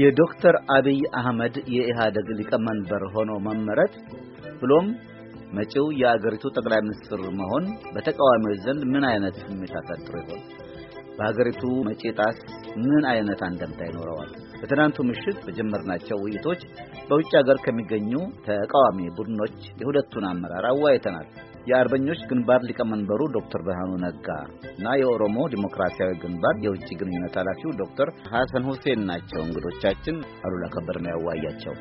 የዶክተር አብይ አህመድ የኢህአደግ ሊቀመንበር ሆኖ መመረጥ ብሎም መጪው የአገሪቱ ጠቅላይ ሚኒስትር መሆን በተቃዋሚዎች ዘንድ ምን አይነት ስሜት አፈጥሮ ይሆን? በሀገሪቱ መጪ ምን አይነት አንደምታ ይኖረዋል? በትናንቱ ምሽት በጀመርናቸው ውይይቶች በውጭ ሀገር ከሚገኙ ተቃዋሚ ቡድኖች የሁለቱን አመራር አወያይተናል። የአርበኞች ግንባር ሊቀመንበሩ ዶክተር ብርሃኑ ነጋ እና የኦሮሞ ዲሞክራሲያዊ ግንባር የውጭ ግንኙነት ኃላፊው ዶክተር ሐሰን ሁሴን ናቸው እንግዶቻችን። አሉላ ከበደ ነው ያዋያቸው።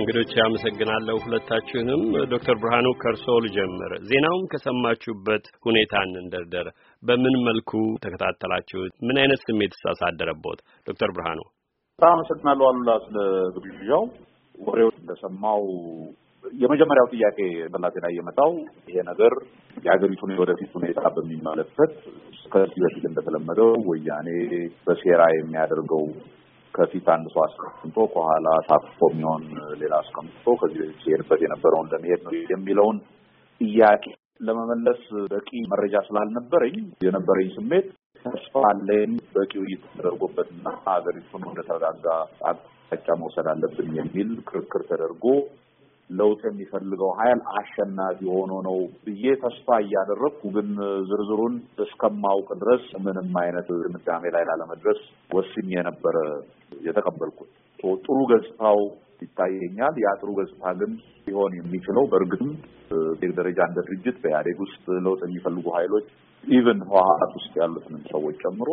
እንግዶች አመሰግናለሁ ሁለታችሁንም። ዶክተር ብርሃኑ ከርሶ ልጀምር። ዜናውን ከሰማችሁበት ሁኔታ እንደርደር። በምን መልኩ ተከታተላችሁት? ምን አይነት ስሜት አሳደረቦት? ዶክተር ብርሃኑ በጣም አመሰግናለሁ አሉላ ስለ ግብዣው። ወሬው እንደሰማው የመጀመሪያው ጥያቄ በላቴ ላይ የመጣው ይሄ ነገር የሀገሪቱን የወደፊት ሁኔታ በሚመለከት ከዚህ በፊት እንደተለመደው ወያኔ በሴራ የሚያደርገው ከፊት አንድ ሰው አስቀምጦ ከኋላ ታቅፎ የሚሆን ሌላ አስቀምጦ ከዚህ በፊት ሲሄድበት የነበረውን ለመሄድ ነው የሚለውን ጥያቄ ለመመለስ በቂ መረጃ ስላልነበረኝ የነበረኝ ስሜት ተስፋ አለኝ በቂ ውይይት ተደርጎበትና ሀገሪቱን ወደ ተረጋጋ አቅጣጫ መውሰድ አለብን የሚል ክርክር ተደርጎ ለውጥ የሚፈልገው ኃይል አሸናፊ ሆኖ ነው ብዬ ተስፋ እያደረግኩ ግን ዝርዝሩን እስከማውቅ ድረስ ምንም አይነት ድምዳሜ ላይ ላለመድረስ ወስኝ የነበረ የተቀበልኩት። ጥሩ ገጽታው ይታየኛል። ያ ጥሩ ገጽታ ግን ሊሆን የሚችለው በእርግጥም ዜግ ደረጃ እንደ ድርጅት በኢህአዴግ ውስጥ ለውጥ የሚፈልጉ ኃይሎች ኢቨን ህወሀት ውስጥ ያሉትንም ሰዎች ጨምሮ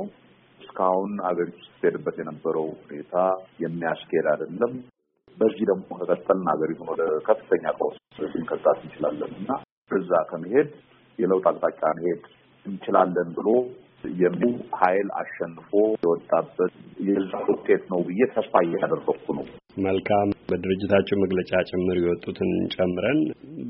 እስካሁን አገሪቱ ስትሄድበት የነበረው ሁኔታ የሚያስኬድ አይደለም። በዚህ ደግሞ ከቀጠልን ሀገሪቱን ወደ ከፍተኛ ቀውስ ልንከታት እንችላለን እና እዛ ከመሄድ የለውጥ አቅጣጫ መሄድ እንችላለን ብሎ የሚ ኃይል አሸንፎ የወጣበት የዛ ውጤት ነው ብዬ ተስፋ እያደረግኩ ነው። መልካም። በድርጅታቸው መግለጫ ጭምር የወጡትን ጨምረን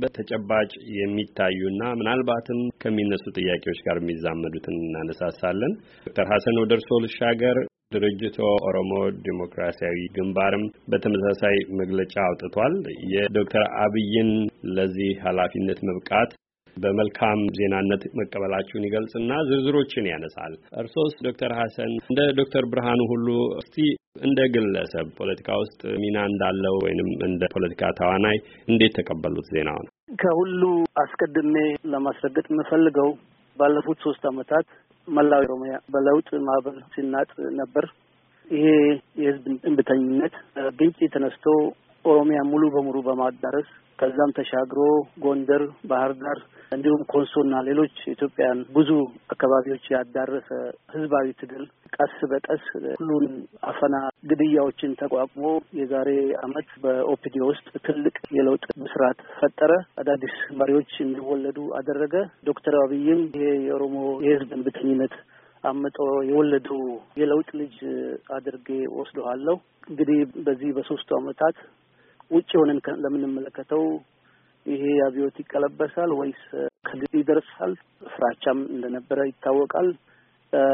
በተጨባጭ የሚታዩና ምናልባትም ከሚነሱ ጥያቄዎች ጋር የሚዛመዱትን እናነሳሳለን። ዶክተር ሀሰን ወደ እርስዎ ልሻገር። ድርጅቱ ኦሮሞ ዴሞክራሲያዊ ግንባርም በተመሳሳይ መግለጫ አውጥቷል። የዶክተር አብይን ለዚህ ኃላፊነት መብቃት በመልካም ዜናነት መቀበላችሁን ይገልጽና ዝርዝሮችን ያነሳል። እርሶስ ዶክተር ሀሰን እንደ ዶክተር ብርሃኑ ሁሉ እስቲ እንደ ግለሰብ ፖለቲካ ውስጥ ሚና እንዳለው ወይንም እንደ ፖለቲካ ተዋናይ እንዴት ተቀበሉት ነው? ከሁሉ አስቀድሜ ለማስረገጥ የምፈልገው ባለፉት ሶስት አመታት መላው ኦሮሚያ በለውጥ ማዕበል ሲናጥ ነበር። ይሄ የህዝብ እንብተኝነት ግንጭ ተነስቶ ኦሮሚያ ሙሉ በሙሉ በማዳረስ ከዛም ተሻግሮ ጎንደር፣ ባህር ዳር እንዲሁም ኮንሶና ሌሎች ኢትዮጵያን ብዙ አካባቢዎች ያዳረሰ ህዝባዊ ትግል ቀስ በቀስ ሁሉን አፈና፣ ግድያዎችን ተቋቁሞ የዛሬ አመት በኦፒዲ ውስጥ ትልቅ የለውጥ ብስራት ፈጠረ። አዳዲስ መሪዎች እንዲወለዱ አደረገ። ዶክተር አብይም ይሄ የኦሮሞ የህዝብ እምቢተኝነት አምጦ የወለዱ የለውጥ ልጅ አድርጌ ወስደዋለሁ። እንግዲህ በዚህ በሶስቱ ዓመታት ውጭ የሆነን ለምንመለከተው ይሄ አብዮት ይቀለበሳል ወይስ ከግብ ይደርሳል? ፍራቻም እንደነበረ ይታወቃል።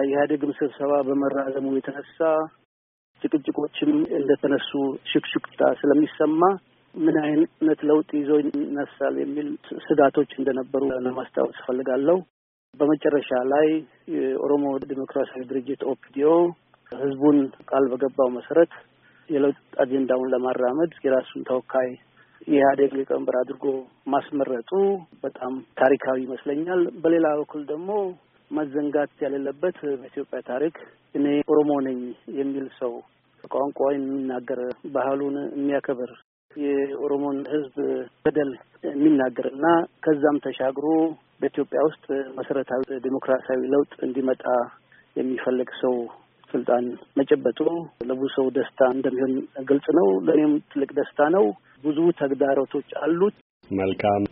የኢህአዴግም ስብሰባ በመራዘሙ የተነሳ ጭቅጭቆችም እንደተነሱ ሽክሽክታ ስለሚሰማ ምን አይነት ለውጥ ይዞ ይነሳል የሚል ስጋቶች እንደነበሩ ለማስታወስ እፈልጋለሁ። በመጨረሻ ላይ የኦሮሞ ዴሞክራሲያዊ ድርጅት ኦፒዲዮ ህዝቡን ቃል በገባው መሰረት የለውጥ አጀንዳውን ለማራመድ የራሱን ተወካይ የኢህአዴግ ሊቀመንበር አድርጎ ማስመረጡ በጣም ታሪካዊ ይመስለኛል። በሌላ በኩል ደግሞ መዘንጋት የሌለበት በኢትዮጵያ ታሪክ እኔ ኦሮሞ ነኝ የሚል ሰው ቋንቋ የሚናገር ባህሉን የሚያከብር የኦሮሞን ሕዝብ በደል የሚናገር እና ከዛም ተሻግሮ በኢትዮጵያ ውስጥ መሰረታዊ ዴሞክራሲያዊ ለውጥ እንዲመጣ የሚፈልግ ሰው ስልጣን መጨበጡ ለብዙ ሰው ደስታ እንደሚሆን ግልጽ ነው። ለእኔም ትልቅ ደስታ ነው። ብዙ ተግዳሮቶች አሉት። መልካም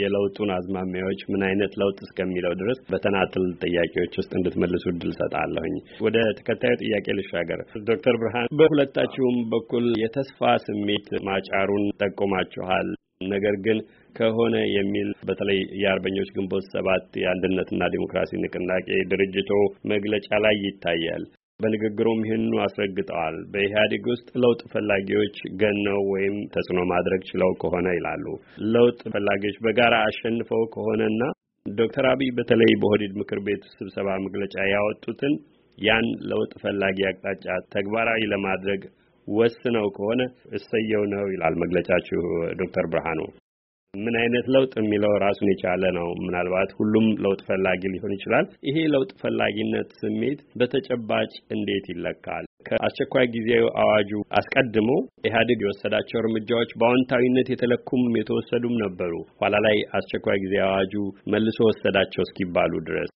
የለውጡን አዝማሚያዎች ምን አይነት ለውጥ እስከሚለው ድረስ በተናጥል ጥያቄዎች ውስጥ እንድትመልሱ እድል ሰጣለሁኝ። ወደ ተከታዩ ጥያቄ ልሻገር። ዶክተር ብርሃን በሁለታችሁም በኩል የተስፋ ስሜት ማጫሩን ጠቁማችኋል። ነገር ግን ከሆነ የሚል በተለይ የአርበኞች ግንቦት ሰባት የአንድነትና ዲሞክራሲ ንቅናቄ ድርጅቶ መግለጫ ላይ ይታያል። በንግግሩም ይህንኑ አስረግጠዋል። በኢህአዴግ ውስጥ ለውጥ ፈላጊዎች ገነው ወይም ተጽዕኖ ማድረግ ችለው ከሆነ ይላሉ። ለውጥ ፈላጊዎች በጋራ አሸንፈው ከሆነና ዶክተር አብይ በተለይ በኦህዴድ ምክር ቤት ስብሰባ መግለጫ ያወጡትን ያን ለውጥ ፈላጊ አቅጣጫ ተግባራዊ ለማድረግ ወስነው ከሆነ እሰየው ነው ይላል መግለጫችሁ ዶክተር ብርሃኑ። ምን አይነት ለውጥ የሚለው ራሱን የቻለ ነው። ምናልባት ሁሉም ለውጥ ፈላጊ ሊሆን ይችላል። ይሄ ለውጥ ፈላጊነት ስሜት በተጨባጭ እንዴት ይለካል? ከአስቸኳይ ጊዜ አዋጁ አስቀድሞ ኢህአዴግ የወሰዳቸው እርምጃዎች በአዎንታዊነት የተለኩም የተወሰዱም ነበሩ። ኋላ ላይ አስቸኳይ ጊዜ አዋጁ መልሶ ወሰዳቸው እስኪባሉ ድረስ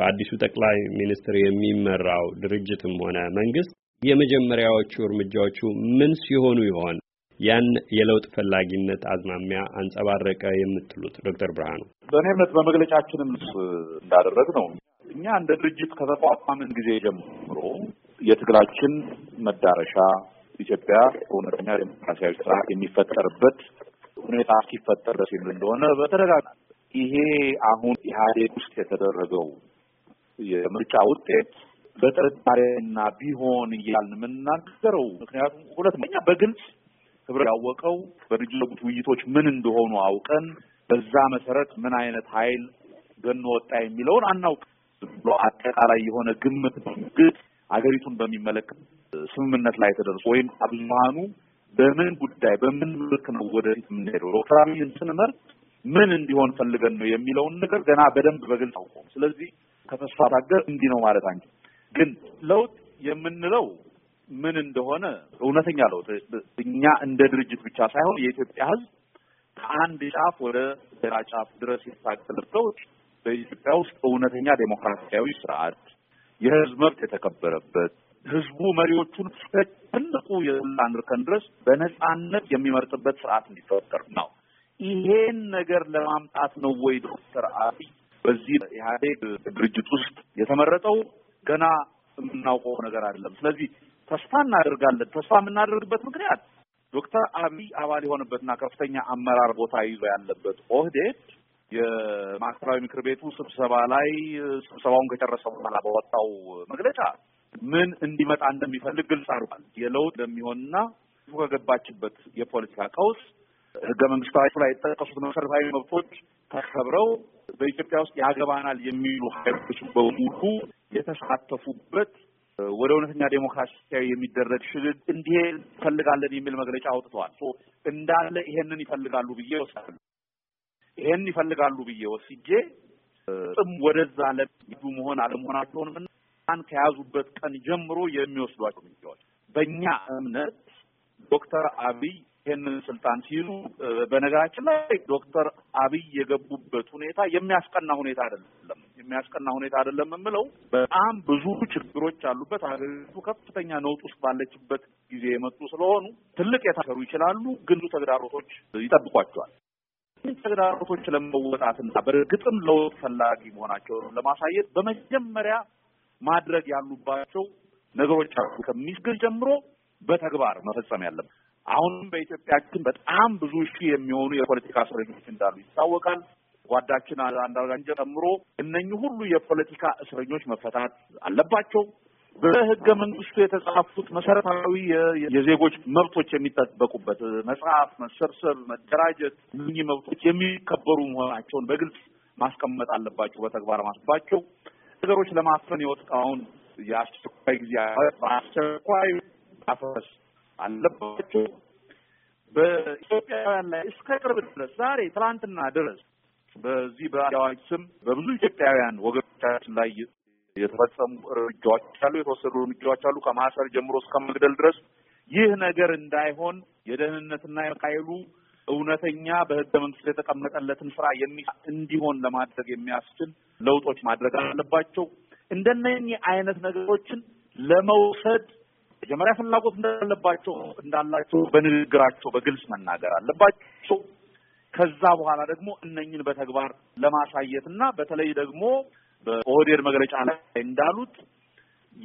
በአዲሱ ጠቅላይ ሚኒስትር የሚመራው ድርጅትም ሆነ መንግስት የመጀመሪያዎቹ እርምጃዎቹ ምን ሲሆኑ ይሆን? ያን የለውጥ ፈላጊነት አዝማሚያ አንጸባረቀ የምትሉት ዶክተር ብርሃኑ? በእኔ እምነት በመግለጫችንም እንዳደረግ ነው እኛ እንደ ድርጅት ከተቋቋምን ጊዜ ጀምሮ የትግላችን መዳረሻ ኢትዮጵያ እውነተኛ ዴሞክራሲያዊ ስርዓት የሚፈጠርበት ሁኔታ ሲፈጠር ደስ የሚል እንደሆነ በተደጋጋሚ ይሄ አሁን ኢህአዴግ ውስጥ የተደረገው የምርጫ ውጤት በጥርጣሬና ቢሆን እያልን የምናገረው ምክንያቱም ሁለት እኛ በግልጽ ህብረ ያወቀው በሚደረጉት ውይይቶች ምን እንደሆኑ አውቀን በዛ መሰረት ምን አይነት ኃይል ገኖ ወጣ የሚለውን አናውቅ ብሎ አጠቃላይ የሆነ ግምት ግጥ አገሪቱን በሚመለከት ስምምነት ላይ ተደርሶ ወይም አብዛኑ በምን ጉዳይ በምን ምልክ ነው ወደፊት የምንሄደው ዶክተር አብይን ስንመርጥ ምን እንዲሆን ፈልገን ነው የሚለውን ነገር ገና በደንብ በግልጽ አውቆ ስለዚህ ከተስፋ ታገር እንዲህ ነው ማለት አንቺ ግን ለውጥ የምንለው ምን እንደሆነ እውነተኛ ለውጥ እኛ እንደ ድርጅት ብቻ ሳይሆን የኢትዮጵያ ሕዝብ ከአንድ ጫፍ ወደ ሌላ ጫፍ ድረስ የተሳቀለ ሰዎች በኢትዮጵያ ውስጥ እውነተኛ ዴሞክራሲያዊ ስርዓት፣ የህዝብ መብት የተከበረበት ህዝቡ መሪዎቹን ትልቁ የስልጣን እርከን ድረስ በነጻነት የሚመርጥበት ስርዓት እንዲፈጠር ነው። ይሄን ነገር ለማምጣት ነው ወይ ዶክተር አብይ በዚህ ኢህአዴግ ድርጅት ውስጥ የተመረጠው? ገና የምናውቀው ነገር አይደለም። ስለዚህ ተስፋ እናደርጋለን። ተስፋ የምናደርግበት ምክንያት ዶክተር አብይ አባል የሆነበትና ከፍተኛ አመራር ቦታ ይዞ ያለበት ኦህዴድ የማዕከላዊ ምክር ቤቱ ስብሰባ ላይ ስብሰባውን ከጨረሰ በኋላ በወጣው መግለጫ ምን እንዲመጣ እንደሚፈልግ ግልጽ አድርጓል። የለውጥ እንደሚሆንና ከገባችበት የፖለቲካ ቀውስ ህገ መንግስታዊ ላይ የተጠቀሱት መሰረታዊ መብቶች ተከብረው በኢትዮጵያ ውስጥ ያገባናል የሚሉ ሀይሎች በሙሉ የተሳተፉበት ወደ እውነተኛ ዴሞክራሲያዊ የሚደረግ ሽግግ እንዲህ ይፈልጋለን የሚል መግለጫ አውጥተዋል። እንዳለ ይሄንን ይፈልጋሉ ብዬ ወስዳለሁ። ይሄን ይፈልጋሉ ብዬ ወስጄ ጥም ወደዛ ለሚዱ መሆን አለመሆናቸውን ን ከያዙበት ቀን ጀምሮ የሚወስዷቸው እርምጃዎች በእኛ እምነት ዶክተር አብይ ይህንን ስልጣን ሲይዙ በነገራችን ላይ ዶክተር አብይ የገቡበት ሁኔታ የሚያስቀና ሁኔታ አይደለም። የሚያስቀና ሁኔታ አይደለም የምለው በጣም ብዙ ችግሮች አሉበት። ሀገሪቱ ከፍተኛ ነውጥ ውስጥ ባለችበት ጊዜ የመጡ ስለሆኑ ትልቅ የታሰሩ ይችላሉ፣ ግን ተግዳሮቶች ይጠብቋቸዋል። ተግዳሮቶች ለመወጣትና በእርግጥም ለውጥ ፈላጊ መሆናቸው ለማሳየት በመጀመሪያ ማድረግ ያሉባቸው ነገሮች አሉ። ከሚስግል ጀምሮ በተግባር መፈጸም ያለበት አሁንም በኢትዮጵያችን በጣም ብዙ ሺህ የሚሆኑ የፖለቲካ እስረኞች እንዳሉ ይታወቃል። ጓዳችን አንዳርጋቸውን ጨምሮ እነኚህ ሁሉ የፖለቲካ እስረኞች መፈታት አለባቸው። በህገ መንግስቱ የተጻፉት መሰረታዊ የዜጎች መብቶች የሚጠበቁበት መጽሐፍ፣ መሰብሰብ፣ መደራጀት እነኚህ መብቶች የሚከበሩ መሆናቸውን በግልጽ ማስቀመጥ አለባቸው። በተግባር ማስባቸው ነገሮች ለማፈን የወጣውን የአስቸኳይ ጊዜ በአስቸኳይ ማፈረስ አለባቸው። በኢትዮጵያውያን ላይ እስከ ቅርብ ድረስ ዛሬ ትላንትና ድረስ በዚህ በአንድ አዋጅ ስም በብዙ ኢትዮጵያውያን ወገኖቻችን ላይ የተፈጸሙ እርምጃዎች አሉ፣ የተወሰዱ እርምጃዎች አሉ፣ ከማሰር ጀምሮ እስከ መግደል ድረስ። ይህ ነገር እንዳይሆን የደህንነትና የኃይሉ እውነተኛ በህገ መንግስት የተቀመጠለትን ስራ የሚ እንዲሆን ለማድረግ የሚያስችል ለውጦች ማድረግ አለባቸው። እንደነኚህ አይነት ነገሮችን ለመውሰድ መጀመሪያ ፍላጎት እንዳለባቸው እንዳላቸው በንግግራቸው በግልጽ መናገር አለባቸው። ከዛ በኋላ ደግሞ እነኝን በተግባር ለማሳየት እና በተለይ ደግሞ በኦህዴድ መግለጫ ላይ እንዳሉት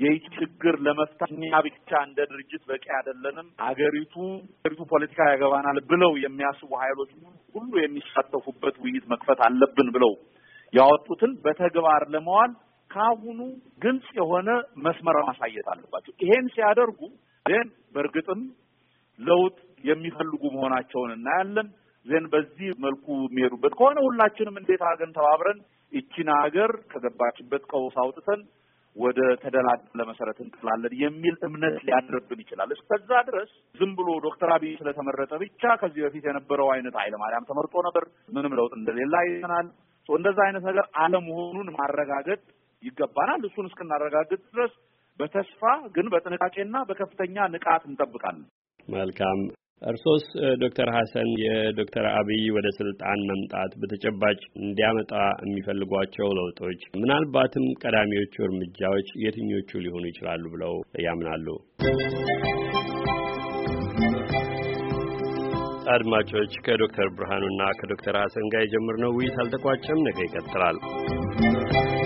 ይህ ችግር ለመፍታት እኛ ብቻ እንደ ድርጅት በቂ አይደለንም፣ አገሪቱ አገሪቱ ፖለቲካ ያገባናል ብለው የሚያስቡ ኃይሎች ሁሉ የሚሳተፉበት ውይይት መክፈት አለብን ብለው ያወጡትን በተግባር ለመዋል ከአሁኑ ግልጽ የሆነ መስመር ማሳየት አለባቸው። ይሄን ሲያደርጉ ግን በእርግጥም ለውጥ የሚፈልጉ መሆናቸውን እናያለን። ዘን በዚህ መልኩ የሚሄዱበት ከሆነ ሁላችንም እንዴት አድርገን ተባብረን ይቺን ሀገር ከገባችበት ቀውስ አውጥተን ወደ ተደላደለ መሰረት እንጥላለን የሚል እምነት ሊያድርብን ይችላል። እስከዛ ድረስ ዝም ብሎ ዶክተር አብይ ስለተመረጠ ብቻ ከዚህ በፊት የነበረው አይነት ኃይለ ማርያም ተመርጦ ነበር፣ ምንም ለውጥ እንደሌለ አይተናል። እንደዛ አይነት ነገር አለመሆኑን ማረጋገጥ ይገባናል። እሱን እስክናረጋግጥ ድረስ በተስፋ ግን በጥንቃቄና በከፍተኛ ንቃት እንጠብቃለን። መልካም እርሶስ ዶክተር ሀሰን የዶክተር አብይ ወደ ስልጣን መምጣት በተጨባጭ እንዲያመጣ የሚፈልጓቸው ለውጦች ምናልባትም ቀዳሚዎቹ እርምጃዎች የትኞቹ ሊሆኑ ይችላሉ ብለው ያምናሉ? አድማጮች ከዶክተር ብርሃኑና ከዶክተር ሀሰን ጋር የጀመርነው ውይይት አልተቋጨም። ነገ ይቀጥላል።